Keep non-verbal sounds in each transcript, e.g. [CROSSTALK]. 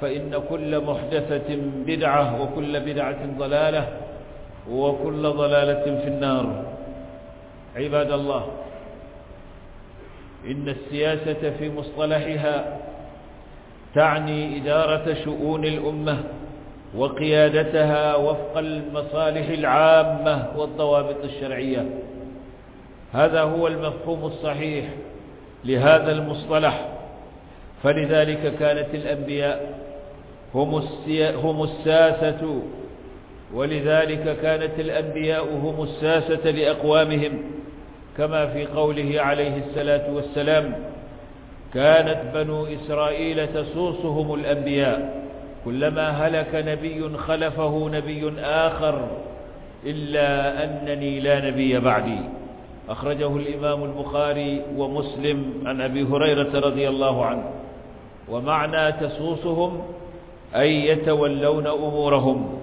فإن كل محدثة بدعة وكل بدعة ضلالة وكل ضلالة في النار عباد الله إن السياسة في مصطلحها تعني إدارة شؤون الأمة وقيادتها وفق المصالح العامة والضوابط الشرعية هذا هو المفهوم الصحيح لهذا المصطلح فلذلك كانت الأنبياء هم, هم الساسة ولذلك كانت الأنبياء هم الساسة لأقوامهم كما في قوله عليه الصلاة والسلام كانت بنو إسرائيل تسوسهم الأنبياء كلما هلك نبي خلفه نبي آخر إلا أنني لا نبي بعدي أخرجه الإمام البخاري ومسلم عن أبي هريرة رضي الله عنه ومعنى تسوسهم أي يتولون أمورهم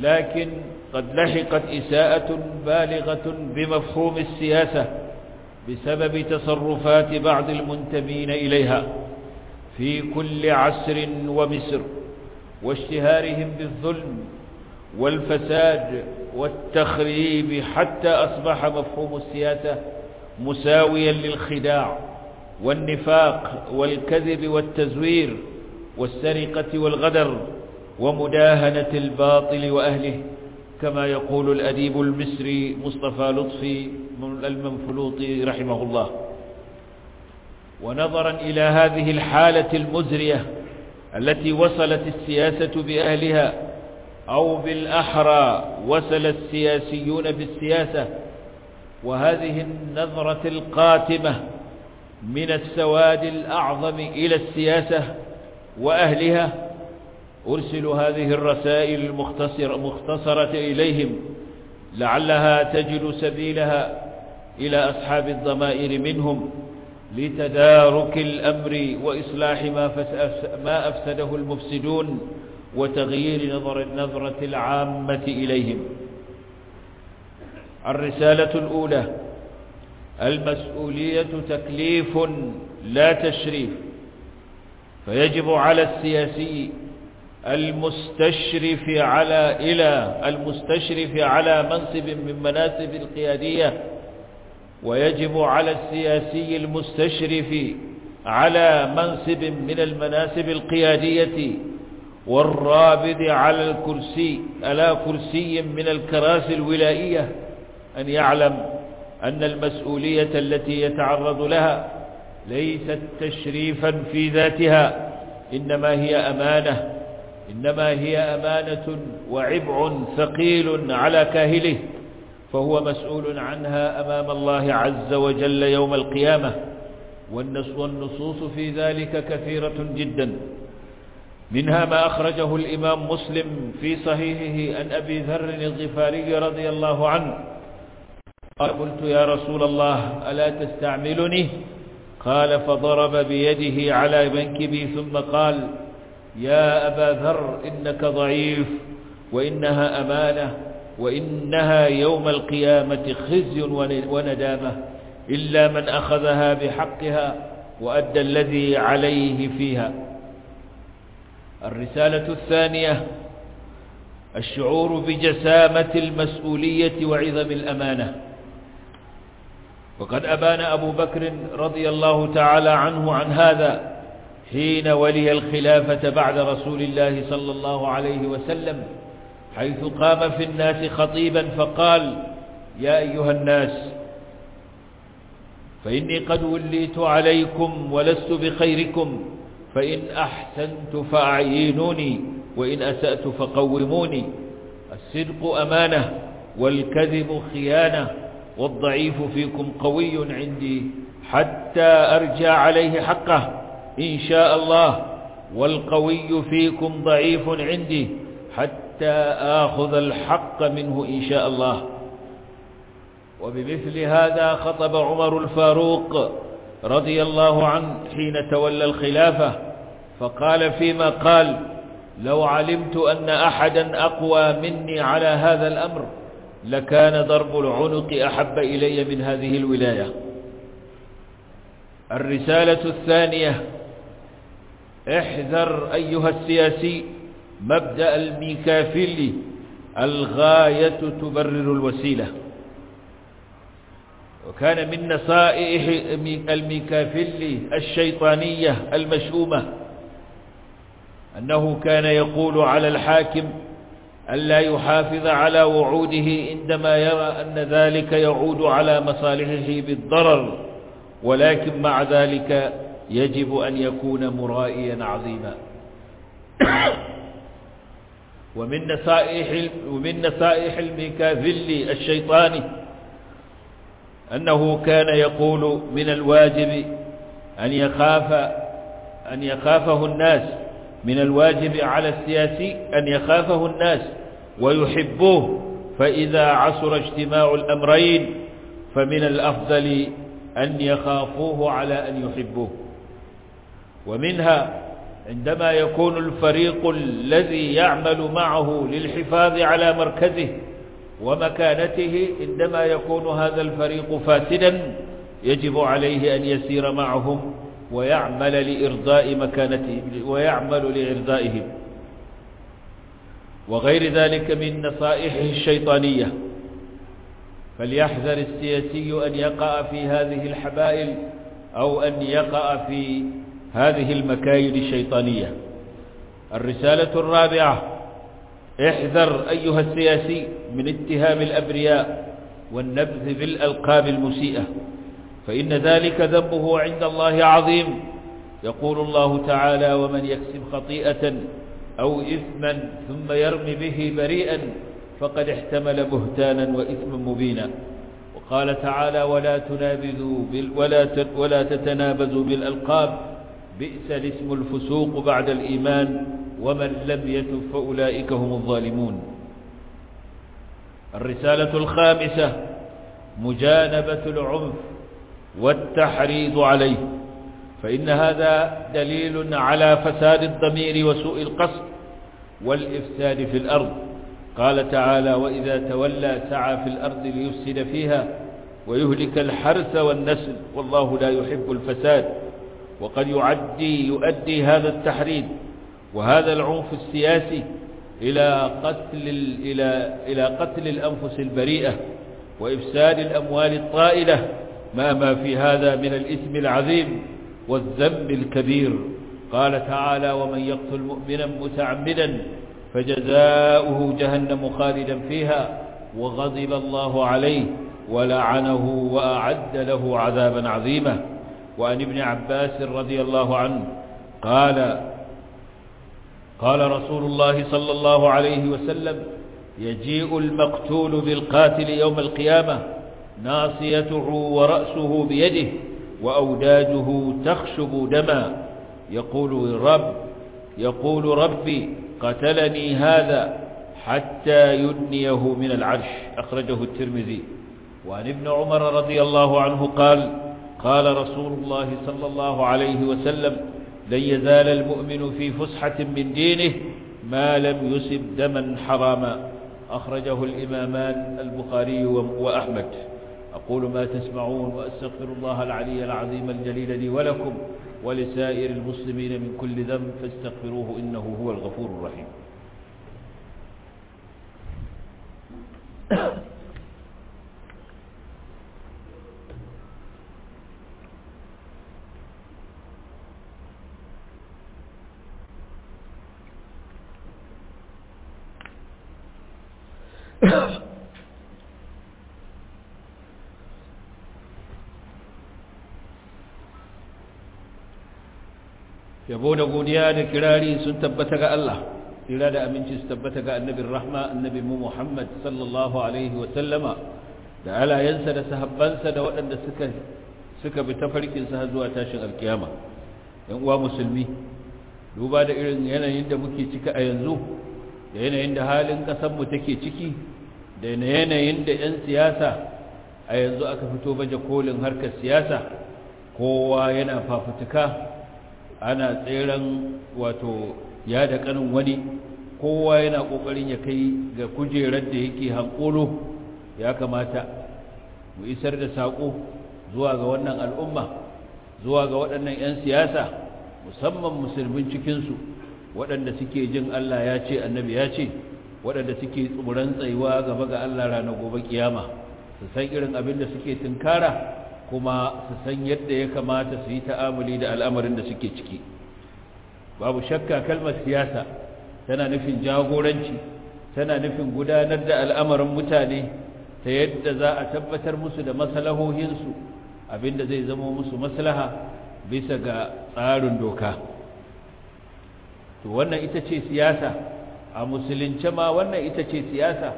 لكن قد لحقت إساءة بالغة بمفهوم السياسة بسبب تصرفات بعض المنتمين إليها في كل عسر ومسر واشتهارهم بالظلم والفساد والتخريب حتى أصبح مفهوم السياسة مساويا للخداع والنفاق والكذب والتزوير والسرقة والغدر ومداهنة الباطل وأهله كما يقول الأديب المصري مصطفى لطفي المنفلوطي رحمه الله ونظرا إلى هذه الحالة المزرية التي وصلت السياسة بأهلها أو بالأحرى وصل السياسيون بالسياسة وهذه النظرة القاتمة من السواد الأعظم إلى السياسة وأهلها أرسل هذه الرسائل المختصرة مختصرة إليهم لعلها تجد سبيلها إلى أصحاب الضمائر منهم لتدارك الأمر وإصلاح ما, ما أفسده المفسدون وتغيير نظر النظرة العامة إليهم الرسالة الأولى المسؤولية تكليف لا تشريف فيجب على السياسي المستشرف على إلى المستشرف على منصب من مناسب القيادية ويجب على السياسي المستشرف على منصب من المناسب القيادية والرابد على الكرسي على كرسي من الكراسي الولائية أن يعلم أن المسؤولية التي يتعرض لها ليست تشريفا في ذاتها إنما هي أمانة إنما هي أمانة وعبء ثقيل على كاهله فهو مسؤول عنها أمام الله عز وجل يوم القيامة والنصوص في ذلك كثيرة جدا منها ما أخرجه الإمام مسلم في صحيحه عن أبي ذر الغفاري رضي الله عنه قال قلت يا رسول الله ألا تستعملني؟ قال فضرب بيده على منكبي ثم قال يا أبا ذر إنك ضعيف وإنها أمانة وإنها يوم القيامة خزي وندامة إلا من أخذها بحقها وأدى الذي عليه فيها الرسالة الثانية الشعور بجسامة المسؤولية وعظم الأمانة وقد أبان أبو بكر رضي الله تعالى عنه عن هذا حين ولي الخلافة بعد رسول الله صلى الله عليه وسلم حيث قام في الناس خطيبا فقال يا أيها الناس فإني قد وليت عليكم ولست بخيركم فإن أحسنت فأعينوني وإن أسأت فقوموني الصدق أمانة والكذب خيانة والضعيف فيكم قوي عندي حتى أرجع عليه حقه إن شاء الله والقوي فيكم ضعيف عندي حتى آخذ الحق منه إن شاء الله وبمثل هذا خطب عمر الفاروق رضي الله عنه حين تولى الخلافة فقال فيما قال لو علمت أن أحدا أقوى مني على هذا الأمر لكان ضرب العنق أحب إلي من هذه الولاية الرسالة الثانية احذر أيها السياسي مبدأ الميكافيلي الغاية تبرر الوسيلة وكان من نصائح الميكافيلي الشيطانية المشؤومة أنه كان يقول على الحاكم ألا يحافظ على وعوده عندما يرى أن ذلك يعود على مصالحه بالضرر ولكن مع ذلك يجب أن يكون مرائيا عظيما ومن نصائح ومن نصائح الميكافيلي الشيطاني أنه كان يقول من الواجب أن يخاف أن يخافه الناس من الواجب على السياسي أن يخافه الناس ويحبه فإذا عسر اجتماع الأمرين فمن الأفضل أن يخافوه على أن يحبوه ومنها عندما يكون الفريق الذي يعمل معه للحفاظ على مركزه ومكانته عندما يكون هذا الفريق فاسدا يجب عليه أن يسير معهم ويعمل لإرضاء مكانته ويعمل لإرضائهم وغير ذلك من نصائحه الشيطانية فليحذر السياسي أن يقع في هذه الحبائل أو أن يقع في هذه المكايد الشيطانية الرسالة الرابعة احذر أيها السياسي من اتهام الأبرياء والنبذ بالألقاب المسيئة فإن ذلك ذنبه عند الله عظيم يقول الله تعالى ومن يكسب خطيئة أو إثما ثم يرمي به بريئا فقد احتمل بهتانا وإثما مبينا وقال تعالى ولا تنابذوا بال ولا ولا تتنابذوا بالألقاب بئس الاسم الفسوق بعد الإيمان ومن لم يتب فأولئك هم الظالمون الرسالة الخامسة مجانبة العنف والتحريض عليه فإن هذا دليل على فساد الضمير وسوء القصد والإفساد في الأرض قال تعالى وإذا تولى سعى في الأرض ليفسد فيها ويهلك الحرث والنسل والله لا يحب الفساد وقد يعدي يؤدي هذا التحريض وهذا العنف السياسي إلى قتل, إلى, إلى قتل الأنفس البريئة وإفساد الأموال الطائلة ما ما في هذا من الإثم العظيم والذنب الكبير قال تعالى ومن يقتل مؤمنا متعمدا فجزاؤه جهنم خالدا فيها وغضب الله عليه ولعنه وأعد له عذابا عظيما وعن ابن عباس رضي الله عنه قال قال رسول الله صلى الله عليه وسلم يجيء المقتول بالقاتل يوم القيامة ناصيته ورأسه بيده وأوداجه تخشب دما يقول رب يقول ربي قتلني هذا حتى يدنيه من العرش أخرجه الترمذي وعن ابن عمر رضي الله عنه قال قال رسول الله صلى الله عليه وسلم لن يزال المؤمن في فسحة من دينه ما لم يسب دما حراما أخرجه الإمامان البخاري وأحمد أقول ما تسمعون وأستغفر الله العلي العظيم الجليل لي ولكم ولسائر المسلمين من كل ذنب فاستغفروه إنه هو الغفور الرحيم Yeah. [COUGHS] yabo da godiya da kirari sun tabbata ga Allah kira da aminci su tabbata ga annabin rahma annabin mu Muhammad sallallahu alaihi wa sallama da alayansa da sahabbansa da waɗanda suka suka bi tafarkin sa zuwa tashin alkiyama yan uwa musulmi duba da irin yanayin da muke ciki a yanzu da yanayin da halin kasar mu take ciki da yanayin da yan siyasa a yanzu aka fito baje kolin harkar siyasa kowa yana fafutuka ana tseren wato ya da kanin wani kowa yana kokarin ya kai ga kujerar da yake hankolo ya kamata mu isar da sako zuwa ga wannan al'umma zuwa ga waɗannan 'yan siyasa musamman musulmin cikinsu waɗanda suke jin Allah ya ce annabi ya ce waɗanda suke tsoron tsayuwa gaba ga Allah ranar gobe kiyama su san irin abin da suke tunkara kuma su san yadda ya kamata su yi ta'amuli da al'amarin da suke ciki babu shakka kalmar siyasa tana nufin jagoranci tana nufin gudanar da al'amarin mutane ta yadda za a tabbatar musu da maslahohinsu abinda zai zamo musu maslaha bisa ga tsarin doka to wannan ita ce siyasa a musulunce ma wannan ita ce siyasa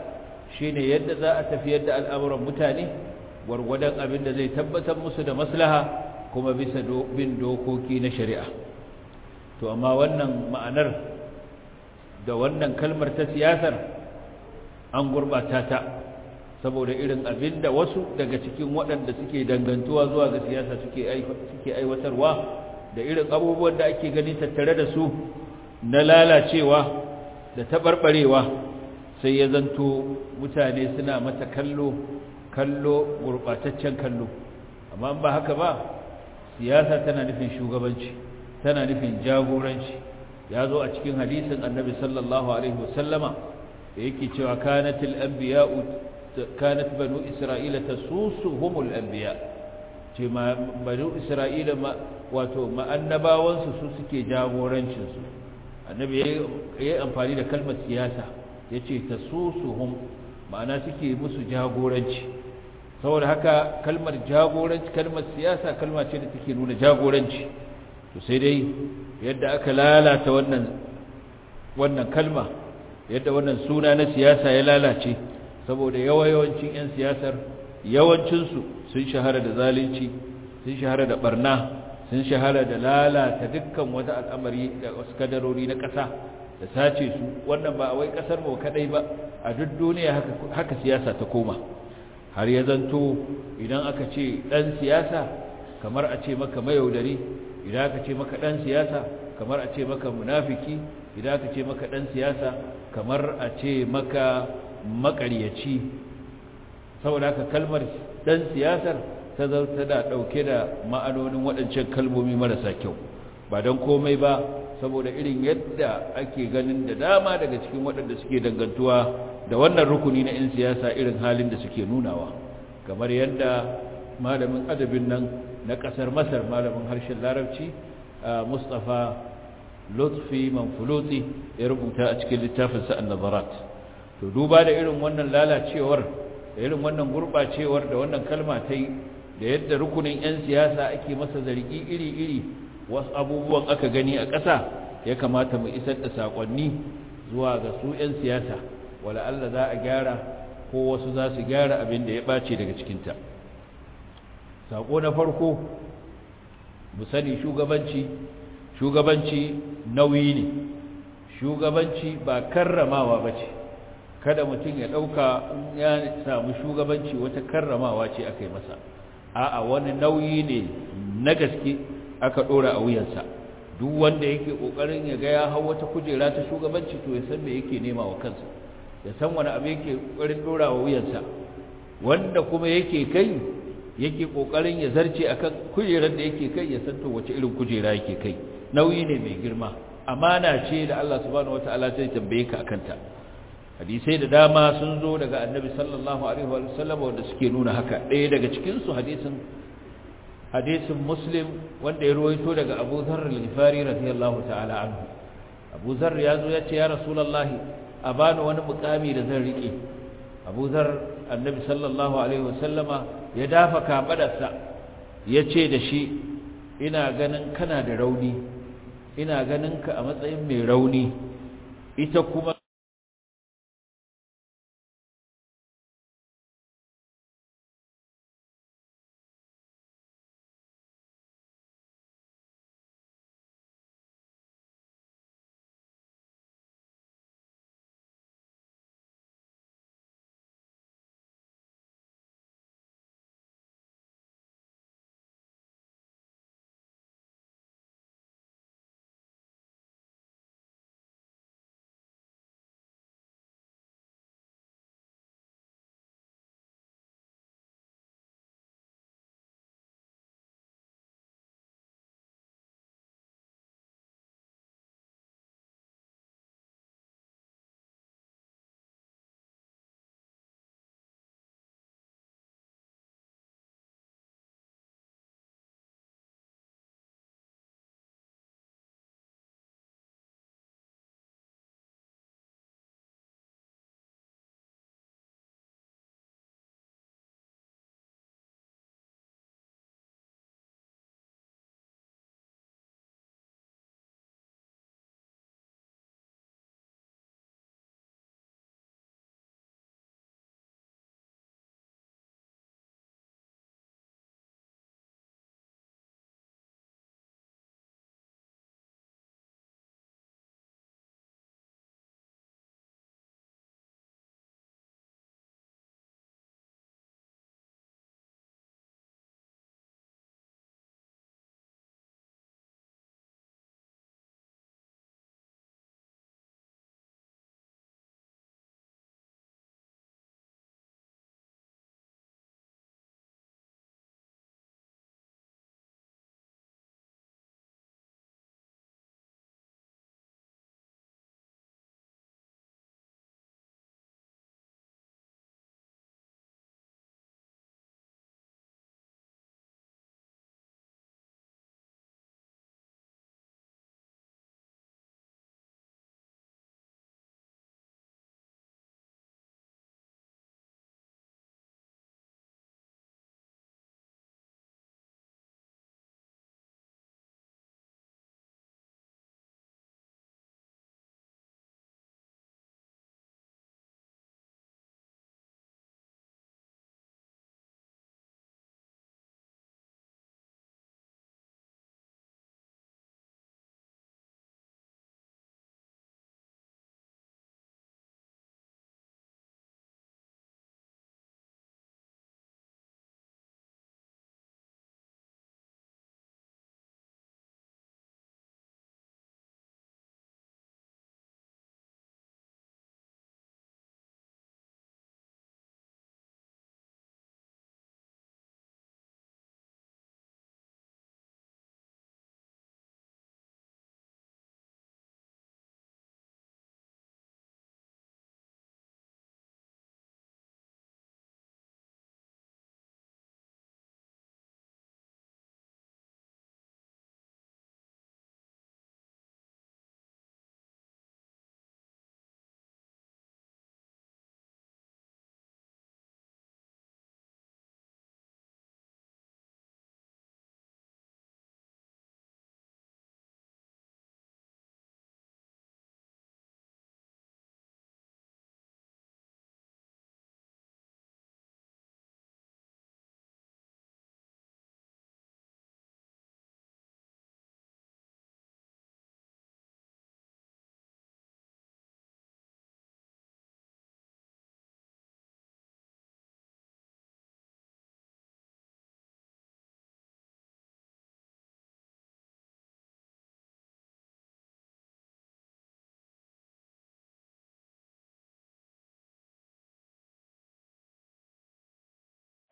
shine yadda za a tafiyar da al'amuran mutane gwargwadon abin da zai tabbatar musu da maslaha kuma bisa bin dokoki na shari'a to amma wannan ma'anar da wannan kalmar ta siyasar an gurbata ta saboda irin abin da wasu daga cikin waɗanda suke dangantuwa zuwa ga siyasa suke aiwatarwa da irin abubuwan da ake gani tattare da su na lalacewa da taɓarɓarewa sai ya zanto mutane suna mata kallo kallo gurbataccen kallo amma ba haka ba siyasa tana nufin shugabanci tana nufin jagoranci ya zo a cikin hadisin annabi sallallahu alaihi wasallama da yake cewa kanatil anbiya'u kanat banu isra'ila tasusuhumul anbiya ce ma banu isra'ila ma wato ma'annabawansu su suke jagorancinsu annabi ya yi amfani da kalmar siyasa ya ce tasusuhum ma'ana suke musu jagoranci saboda haka kalmar jagoranci kalmar siyasa kalma ce da take nuna jagoranci to sai dai yadda aka lalata wannan wannan kalma yadda wannan suna na siyasa ya lalace saboda yawayawancin 'yan siyasar yawancinsu sun shahara da zalunci sun shahara da barna sun shahara da lalata dukkan wata al'amari da wasu kadarori na ƙasa da sace su wannan ba a wai ƙasar mu kaɗai ba a duk duniya haka siyasa ta koma har ya zanto idan aka ce ɗan siyasa kamar a ce maka mayaudari idan aka ce maka ɗan siyasa kamar a ce maka munafiki idan aka ce maka ɗan siyasa kamar a ce maka makaryaci saboda haka kalmar ɗan siyasar ta zauta da ɗauke da ma'anonin waɗancan kalmomi marasa kyau ba don komai ba saboda irin yadda ake ganin da dama daga cikin waɗanda suke dangantuwa da wannan rukuni na 'yan siyasa irin halin da suke nunawa kamar yadda malamin adabin nan na ƙasar masar malamin harshen larabci a mustapha lutfi manfuluti ya rubuta a cikin littafinsa annabarat to duba da irin wannan lalacewar da irin wannan gurɓacewar da wannan kalma ta yi da yadda rukunin 'yan siyasa ake masa zargi iri-iri wasu abubuwan aka gani a ƙasa ya kamata mu isar da saƙonni zuwa ga su 'yan siyasa wala Allah za a gyara ko wasu za su gyara abin da ya ɓace daga cikinta saƙo na farko mu sani shugabanci shugabanci nauyi ne shugabanci ba karramawa ba ce kada mutum ya ɗauka ya samu shugabanci wata karramawa ce aka yi masa a'a wani nauyi ne na gaske aka ɗora a wuyansa duk wanda yake ƙoƙarin ya ga ya hau wata kujera ta shugabanci to ya san me yake nema wa kansa ya san wani abu yake kokarin ɗora wa wuyansa wanda kuma yake kai yake ƙoƙarin ya zarce akan kujerar da yake kai ya san to wace irin kujera yake kai nauyi ne mai girma amana ce da Allah subhanahu wataala zai tambaye ka akan ta hadisai da dama sun zo daga annabi sallallahu alaihi wa sallam wanda suke nuna haka ɗaya daga cikin su hadisin hadisin muslim wanda ya ruwaito daga abu dharr al-ghifari radiyallahu ta'ala anhu abu dharr ya zo ya ce ya rasulullahi a bani wani mukami da zan rike Abu Zar Annabi sallallahu alaihi wasallama ya dafa ya ce da shi ina ganin kana da rauni ina ganin ka a matsayin mai rauni ita kuma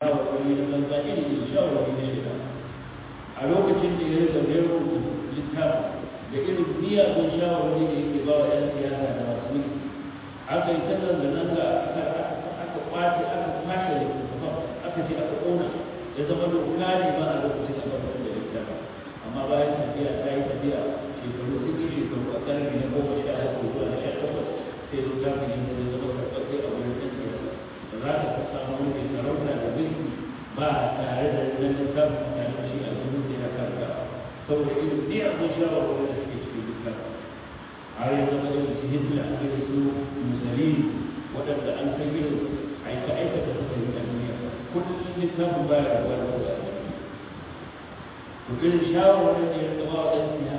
a lokacin da ya rika rero littafi da irin miyagun shawarwari da yake ba wa 'yan siyasa da masu mulki aka yi tattar da nan ga aka kwace aka kwashe littattafan aka ce aka ƙona ya zama littafin mutane shi a sun mutu na karka saboda irin ne a kun shawarwar da suke cikin littafin har yanzu da irin su hitler irin su musalini waɗanda an san irin aika aika da suka yi a duniya kullum littafin baya da wani wanda a yi to irin shawarwar da ya gaba wa ɗan siya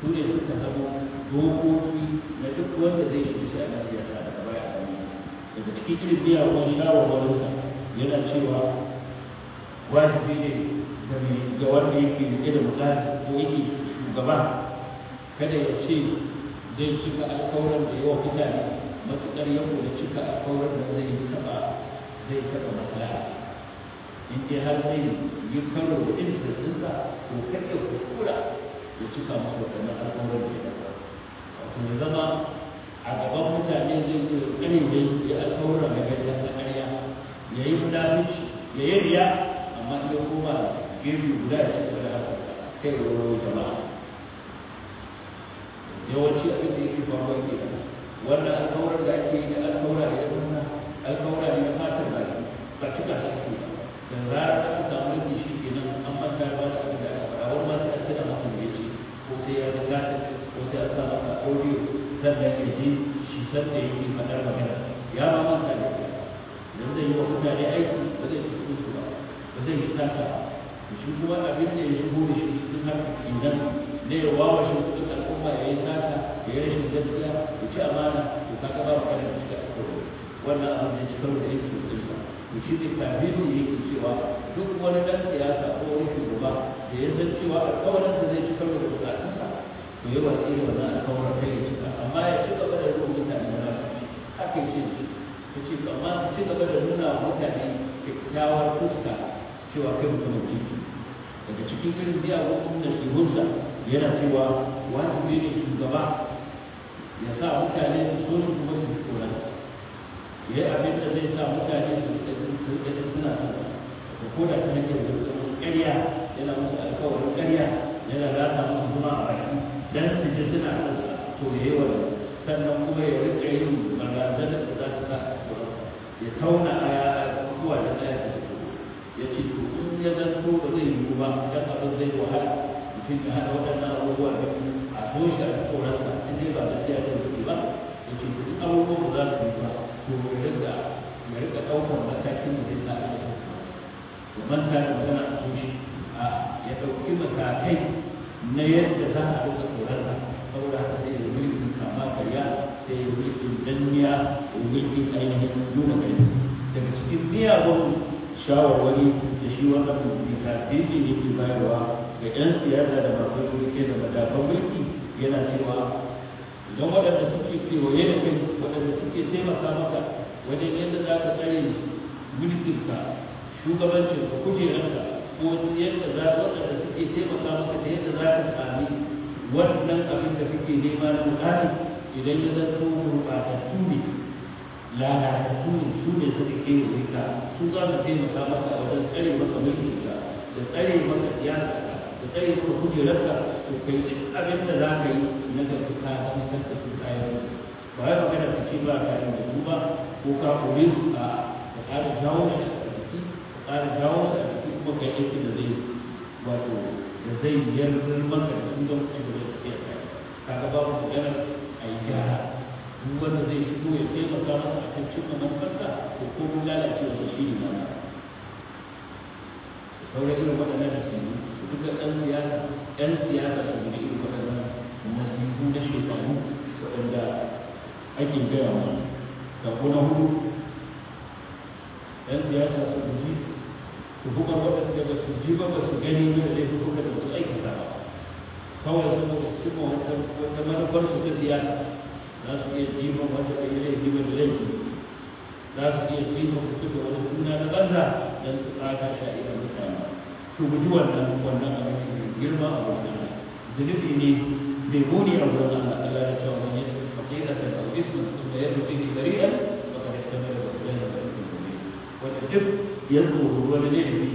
su ne suka zama dokoki na duk wanda zai shiga shi a na siyasa daga baya a duniya daga cikin irin biya ko shawarwarinsa yana cewa wajibi ne ga wanda yake rike da mutane ko yake shugaba kada ya ce zai cika alkawarin da yawa mutane matuƙar yau da cika alkawarin da zai taɓa zai taɓa matsala. in dai har zai yi karo da irin intanetinsa ko kada kuskura ya cika masa waɗannan alkawarin da ya taɓa wato ya zama a gaban mutane zai zo ya ƙare da ya alkawarin da ya taɓa ƙarya ya yi munafici ya yi riya amma in ya koma girbi guda ya ci gaba da haka kai ruwan jama'a yawanci abin da yake faruwa ke da wannan alkawarin da ake yi da alkawara ne da wannan alkawara ne na fatan ba ne ba cika shi ake da zarar aka samu mulki shi kenan an manta ba da abin da aka faɗa wani ma sai an tana masa audio sannan ya je shi sanda yake faɗar ya ma manta da ya zai yi wa mutane aiki ba zai zai yi sata shi kuma abin da ya shigo da shi cikin harkar kenan ne ya wawa shi cikin al'umma ya yi sata ya yi rashin gaskiya ya ci amana to ka ba ka da shi da wannan abin da ya karo da yake cikin sa to shi ne tabiru yake cewa duk wani dan siyasa ko wani shugaba da ya san cewa alƙawarin da zai ci karo da bukatunsa to ya watsi da wannan alƙawarin kai ya cika amma ya ci gaba da ruwan mutane na haka yake ce ta ci gaba da nuna mutane kyakkyawar fuska cewa kai mutumin kirki daga cikin irin miyagun sunan ihunsa yana cewa wajibi ne shugaba ya sa mutane su so shi kuma su kora ya yi abin da zai sa mutane su rikadin suna son da koda ta nake da musu karya yana musu alkawarin karya yana rasa musu zuma a baki dan su ji suna son to ya yi wani sannan kuma ya rike yin barazanar da za ta sa a ya tauna a kuwa da ɗaya ya ce to in ya zanto ba zai yiwu ba dan abin zai wahala mutum ya haɗa waɗannan abubuwa da a toshe a tsoronsa in dai ba gaskiya ta wuce ba ya ce duk abubuwan ba za su yi ba to mu rika mu riga ɗaukar matakin da zai dinga a cikin to manta da magana a toshe a ya ɗauki matakai na yadda za a riƙa tsoronsa saboda haka sai ya mulkin kama karya sai ya mulkin danniya ya mulkin ainihin nuna gari daga cikin miyagun shawarwari da shi wannan littafi ne ke bayarwa ga 'yan siyasa da masu rike da matakan mulki yana cewa don waɗanda suke cewa da kai waɗanda suke taimaka maka wajen yadda za ka tsare mulkinka shugabancin ka kujerarka ko yadda za waɗanda suke taimaka maka da yadda za ka sami wannan abin da kake nema na mutane idan ya zanto gurɓatattu ne lalata su ne su ne suka kewaye ka su za su taimaka maka wajen tsare maka mulkinka da tsare maka siyasa da tsare maka kujerarka to kai duk abin da za ka yi na gaske ka cutar da su kayan ba ya magana ka ce ba ka da su ba ko ka kore su a ka jawo a jiki ka ƙara jawo da a jiki kuma ka yi da zai wato da zai yarda maka da su don ka ga babu maganar a yi gyara duk wanda zai fito ya taimaka masa a kan cimma manufarsa to ko mun lalace wani shiri na ba sauran irin waɗannan nasibu su duka ɗan siyasa ɗan siyasa su gudu irin waɗannan nasibu na shekaru waɗanda ake gaya wa sako na hudu ɗan siyasa su guji tuhumar waɗanda ba su ji ba ba su gani ba da laifuka da su aikata ba kawai saboda cimma wata manufarsu ta siyasa لا تجيب وجهك إليه والليل لا تجيب وجهك وكنا لبذا لن تقاك إلى مكانه to guji wannan wannan abin da mai girma a wajen Allah zunubi ne mai muni a wajen Allah Allah ya cewa wani yadda fakira da albisu da yadda bihi bari'a ba ka rikta mai da wajen da albisu wanda duk ya tsoro wani laifi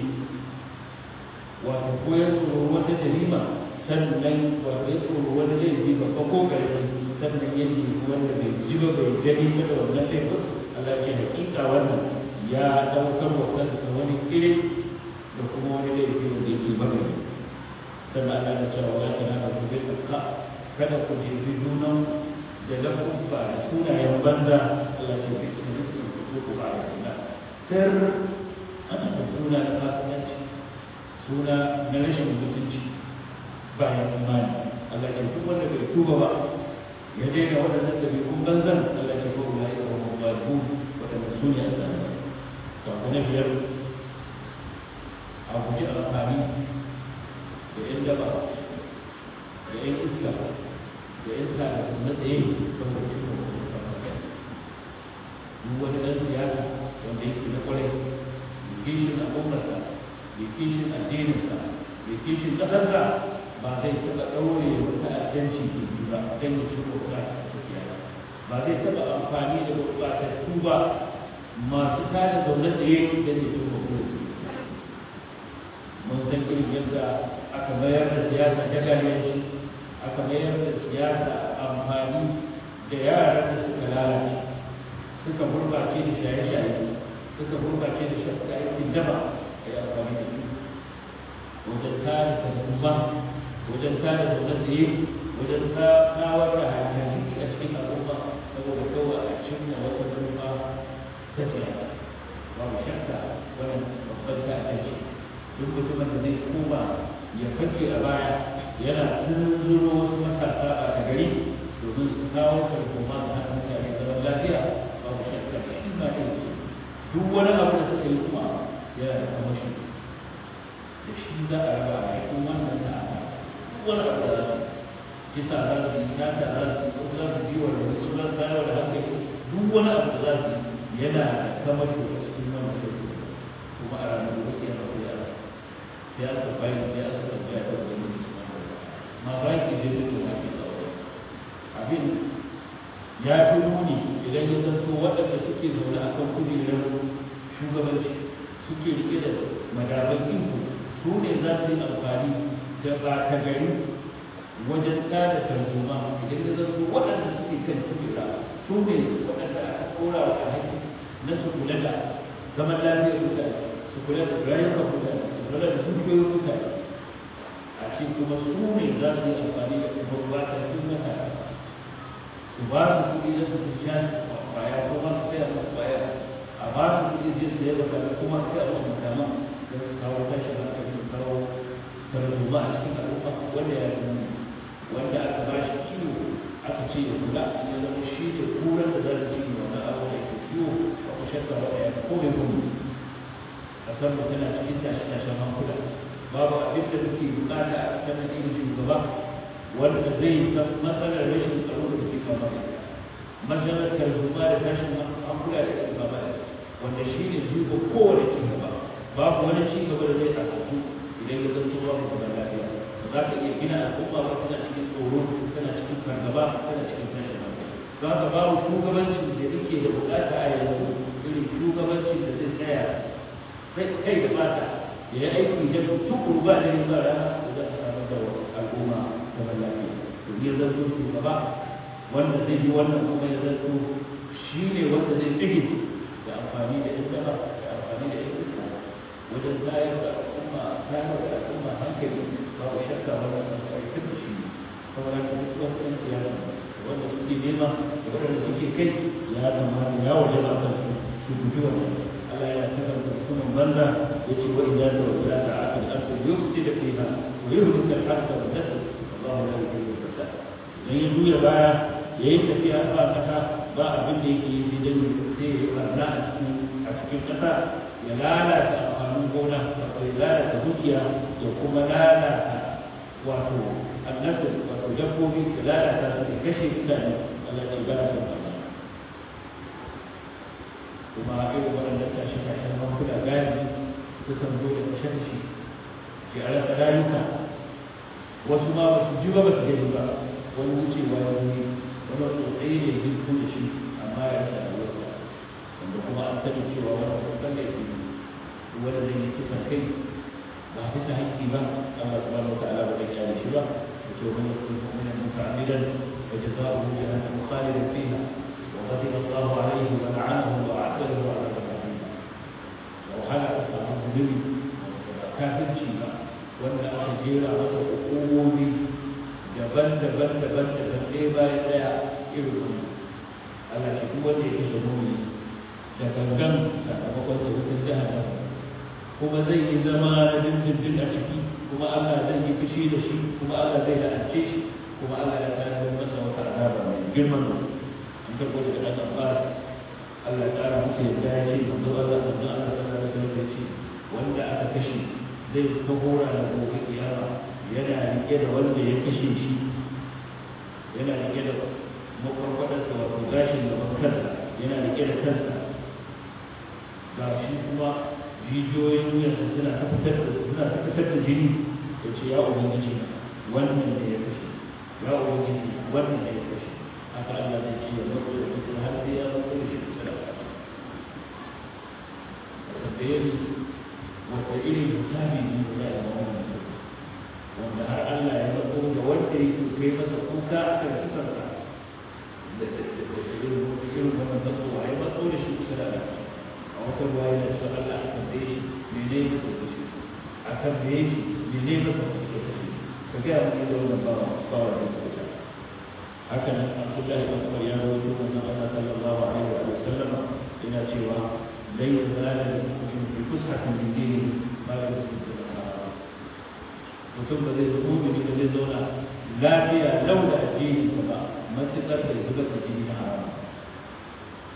wato ko ya tsoro wata jarima sannan wato ya tsoro wani laifi babba ko karfi sannan ya jefi wanda bai ji ba bai gani ba da wannan laifin Allah da kika wannan ya daukar wa kansa wani kire da kuma wani laifi wanda yake bane sannan Allah ya ce wa ta nana ku bi ka kada ku jefi nuna, da ba da sunayen banza Allah ke bi su nufi ku ku ba da suna kar ana da suna na fasikanci suna na rashin mutunci bayan imani Allah ce duk wanda bai tuba ba ya daina waɗannan ɗabi'un banzan Allah ce ko ula ita wa mubadu waɗanda su ne Allah to abu na biyar a guji alfahari da ƴan daba da ƴan iska da ƴan sa da kuma tsaye don mutum da mutum da mutum duk wani ɗan siyasa wanda yake na kwarai da kishin al'ummarsa da kishin addininsa da kishin ƙasarsa ba zai taɓa ɗaure wata aljanci da biyu ba don ya ci buƙatar tafiya ba zai taɓa amfani da buƙatar tuba masu tada zaune tsaye don ya ci buƙatar mun san irin yadda aka bayar da siyasa ta galiyanci aka bayar da siyasa amfani da yaran da suka lalace suka gurɓace da shaye-shaye suka gurɓace da shafi aikin daba a yi amfani da su wajen tada ba. wajen kare zaune tsaye wajen kawar da hankali a cikin al'umma saboda kawai a cimma wata manufa ta siyasa babu shakka wannan babban ta'adari duk mutumin da zai koma ya fake a baya yana tunzuro wasu matasa a ta gari domin su kawo karkoma da hana mutane zaman lafiya babu shakka da shi ma ɗin duk wani abu da suka yi kuma yana da kamashin da shi za a raba a yi kuma wannan wani abu da kisa za su yi za su yi wasu za su za su da hankali duk wani abu da za su yi yana kama to a cikin wani kuma a ranar wasu yana koya sai bayan sai aka tambaya da wani ma ba da duk abin ya fi muni idan ya zanto waɗanda suke zaune a kan kujerar shugabanci suke rike da madabar iko su ne za su yi amfani da ba ta gari wajen tsara tarzoma idan da zarto waɗanda suke kan kujera su ne waɗanda aka tsora wa alhaki na su kula da zaman lafiyar mutane su kula da rayuwar mutane su kula da dukiyoyin mutane a ce kuma su ne za su yi amfani da kuma ruwa ta sun mata su ba su kuɗi da su sha kwaya kuma su saya a kwaya a ba su kuɗi zai su yi kuma sai a wasu kama da su kawo tashin farilla a cikin al'umma wanda ya wanda aka ba shi kiwo aka ce ya kula ya zama shi da kuran da za ta ci wannan abu da ke kiwo a kushen da wata ya kome kuma a san mutum na cikin tashi tashin hankula babu abin da muke bukata a sanar da shugaba wanda zai matsalar rashin tsaro da ke kan matsalar matsalar tarzoma da tashin hankula da ke kan matsalar wanda shi ne zuba kowane ci babu wani ci da zai tsakatu idan ya zanto ba mu da lafiya ba za ka iya gina al'umma ba tana cikin tsoro tana cikin fargaba tana cikin tashin hankali za ka ba shugabancin da yake da bukata a yanzu irin shugabancin da zai tsaya kai da fata ya yi aiki da tukuru ba da yin ba da za ka samar da al'umma da ban lafiya zanto shugaba wanda zai yi wannan kuma ya zanto shi ne wanda zai tsige da amfani da ita da amfani da wajen zayar da al'umma tayar da al'umma hankali ba ku shakka wanda sun aikar da shi saboda ka duk wasu ɗan siyasa wanda suke nema da waɗanda suke kai ya zama ya wajen ba ta su guji wannan Allah ya sanar da sunan banza ya ce wa idan da wasu da aka da aka yufti da fiha yi yufti da harka da nasa Allah ya yi da fata idan ya juya baya ya yi tafiya ba kasa ba abin da yake yi sai dan sai a cikin a cikin kasa ya lalata amfanin gona wato dukiya ya kuma lalata wato annasir wato dabbobi da lalata su da kashe mutane Allah ba su da kuma irin waɗannan tashi tashin hankula gani sukan zo da kashe shi a rasa rayuka wasu ma ba su ji ba ba su gani ba wani wucewa ya wani wani tsotsayi ne duk da shi amma ya rasa rayuwa wanda kuma an sani cewa wani kusan da wanda zai yi kisan kai ba bisa haƙƙi ba Allah subhanahu wa ta'ala ba zai kyale shi ba yake wani yake mu'mina muta'ammidan wa jazaohu jahannam khalidan fiha wa ghadiba Allahu alayhi wa la'anahu wa a'tadahu 'ala al-kafirin wa wahala ta samu zulmi kafirci ba wanda aka jera masa hukumomi daban-daban daban-daban ɗaya bayan ɗaya irin wannan Allah shi kuma wanda ya kashe mumini da gangan sakamakon sa wutar jahannam kuma zai yi zama na dindindin a ciki kuma Allah zai yi fushi da shi kuma Allah zai la'ance shi kuma Allah ya tana masa wata azaba mai girman da an karɓo daga ɗan Abbas Allah ya ƙara musu yadda ya ce manzo Allah manzo Allah ta da ya ce wanda aka kashe zai ta hora da gobe kiyama yana rike da wanda ya kashe shi yana rike da makwarkwadarsa wato gashin da kansa yana rike da kansa jijiyoyin wuyan suna ta fitar da suna ta fitar da jini ya ce ya ubangiji wannan da ya kashe ya ubangiji wannan da ya kashe haka Allah zai ce ya mako da mutum har sai ya mako da shi kusa da ƙasa da ya yi wata irin hisabi ne da ya zama wannan mutum wanda har Allah ya mako da wanda ya kai masa kuka a kan kisansa da irin wannan matsuwa ya mako da shi kusa da ƙasa a wata ruwa yana cewa Allah a tambaye shi mene ne ko shi a tambaye shi mene ne ko shi ka ga mu da wannan ba ba da kuka haka nan Abdullahi bin Umar ya rawaito wannan Allah sallallahu alaihi wa sallam yana cewa laysa zalika mu'min bi fushatin min dinihi ba da mutum ba zai zama mu'mini ba zai zauna lafiya lau da addini ba matuƙar da zuba jini na haramu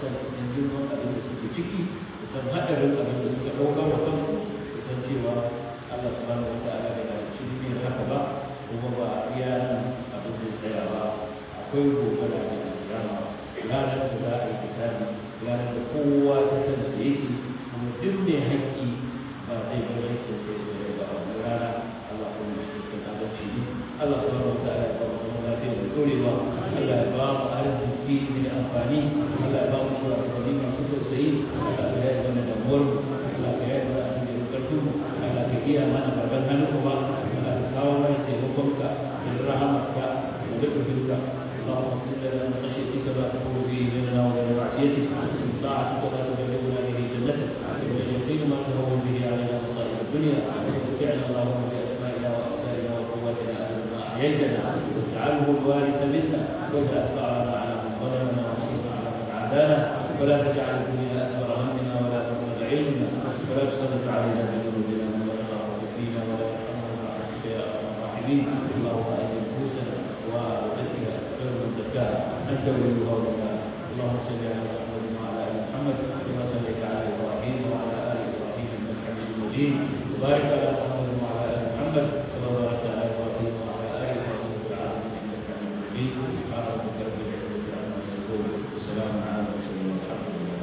san cikin girman abin da suke ciki su san haɗarin abin da suka ɗaukar wa kansu su san cewa Allah subhanahu wa ta'ala bai halicci duniyar haka ba kuma ba a iya abin da tsaya ba akwai gobe da abin da kiyama ranar da za a yi kitabi ranar da kowa ta da yake kuma duk mai haƙƙi ba zai bar haƙƙin sai da ba, wannan rana Allah kuma shi kan adalci Allah subhanahu عندنا واجعله الوارث منا واجعل ثارنا على من ظلمنا وانصرنا على من عادانا ولا تجعل الدنيا اكبر همنا ولا مبلغ علمنا ولا تسلط علينا بذنوبنا من لا يرحمنا فينا ولا يرحمنا برحمتك يا ارحم الراحمين اللهم اهد نفوسنا وزكها خير من زكاها انت وليها ومولاها اللهم صل على محمد وعلى ال محمد كما صليت على ابراهيم وعلى ال ابراهيم انك حميد مجيد وبارك على محمد